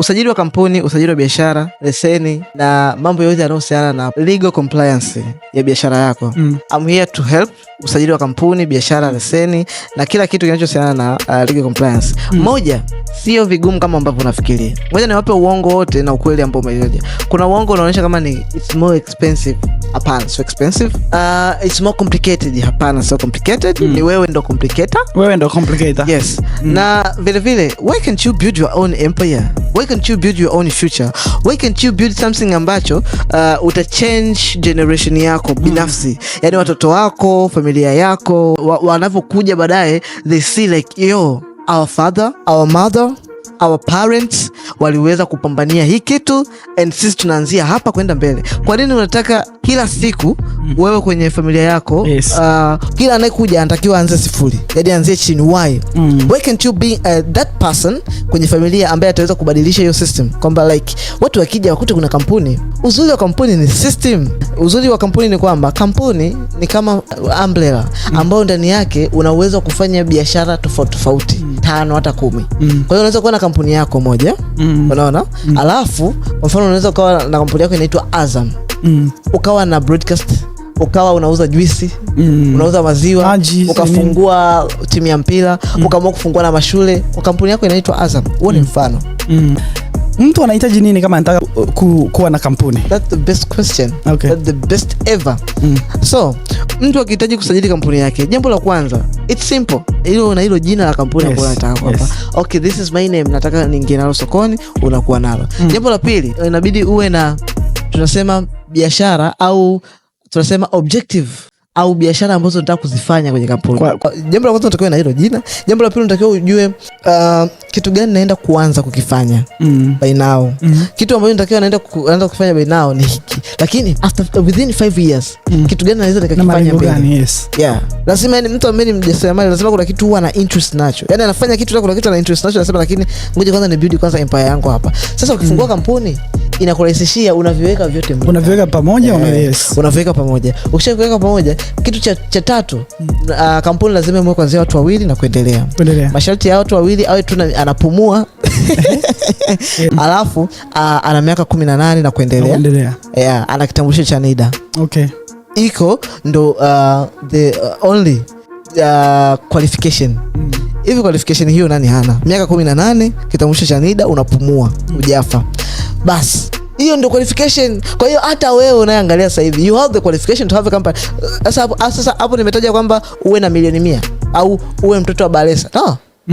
usajili wa kampuni, usajili wa biashara, leseni na mambo yote yanayohusiana na legal compliance ya biashara yako. Mm. I'm here to help usajili wa kampuni, biashara, leseni na kila kitu kinachohusiana na uh, legal compliance. Mm. Moja, sio vigumu kama ambavyo unafikiria. Ngoja niwape uongo wote na ukweli ambao umeja. Kuna uongo unaonyesha kama ni it's more expensive. Hapana, so expensive. Uh, it's more complicated. Hapana, so complicated. Mm. Ni wewe ndo complicator. Wewe ndo complicator. Yes. Mm. Na vile vile, why can't you build your own empire? why can't you build your own future? Why can't you build something ambacho uh, uta change generation yako binafsi mm. Yani watoto wako, familia yako wanavyokuja wa baadaye, they see like yo, our father, our mother our parents waliweza kupambania hii kitu and sisi tunaanzia hapa kwenda mbele. Kwa nini unataka kila siku wewe kwenye familia yako yes. Uh, kila anayekuja anatakiwa aanze sifuri, yaani anzie chini. Why mm. why can't you be uh, that person kwenye familia ambaye ataweza kubadilisha hiyo system, kwamba like watu wakija wakute kuna kampuni. Uzuri wa kampuni ni system. Uzuri wa kampuni ni kwamba kampuni ni kama umbrella mm. ambayo ndani yake una uwezo wa kufanya biashara tofauti tofauti mm. tano hata kumi mm. kwa hiyo unaweza kuwa na kampuni yako moja mm. unaona mm. alafu kwa mfano unaweza ukawa na kampuni yako inaitwa Azam mm. ukawa na broadcast ukawa unauza juisi mm. unauza maziwa Maji, ukafungua mm. timu ya mpira mm. ukaamua kufungua na mashule kwa kampuni yako inaitwa Azam. Huo ni mm. mfano mm. Mtu anahitaji nini kama anataka ku, kuwa na kampuni? That's the best question. Okay. That's the best ever. Mm. So, mtu akihitaji kusajili kampuni yake, jambo la kwanza, it's simple. Hilo na hilo jina la kampuni yes. nataka hapa. Yes. Okay, this is my name. Nataka niingie nalo sokoni, unakuwa nalo. Mm. Jambo la pili, inabidi uwe na tunasema biashara au tunasema objective au biashara ambazo unataka kuzifanya kwenye kampuni. Jambo la kwanza unatakiwa na hilo jina. Jambo la pili unatakiwa ujue uh, kitu gani naenda kuanza kukifanya mm. by now mm. kitu ambacho natakiwa naenda ku, naenda kukifanya by now ni hiki, lakini after within 5 years mm. kitu gani naweza nikakifanya mbele. Yes. Yeah, lazima ni mtu ambaye ni mjasiriamali, lazima kuna kitu ana interest nacho, yani anafanya kitu, kuna kitu ana interest nacho, anasema lakini ngoja kwanza ni build kwanza empire yangu hapa. Sasa ukifungua mm. kampuni inakurahisishia unaviweka vyote unaviweka pamoja yeah. Yes. unaviweka pamoja, ukishaviweka pamoja. Kitu cha, cha tatu Uh, kampuni lazima imwe kwanzia watu wawili na kuendelea. Masharti ya watu wawili awe tu anapumua alafu uh, ana miaka kumi na nane na kuendelea yeah, ana kitambulisho cha NIDA okay. Iko ndo uh, the uh, only uh, qualification mm. qualification hiyo nani hana? Miaka kumi na nane, kitambulisho cha NIDA, unapumua, mm. hujafa mm basi hiyo ndio qualification. Kwa hiyo hata wewe unayeangalia sasa hivi you have the qualification to have a company. Sasa hapo nimetaja kwamba uwe na milioni mia au uwe mtoto wa Balesa no.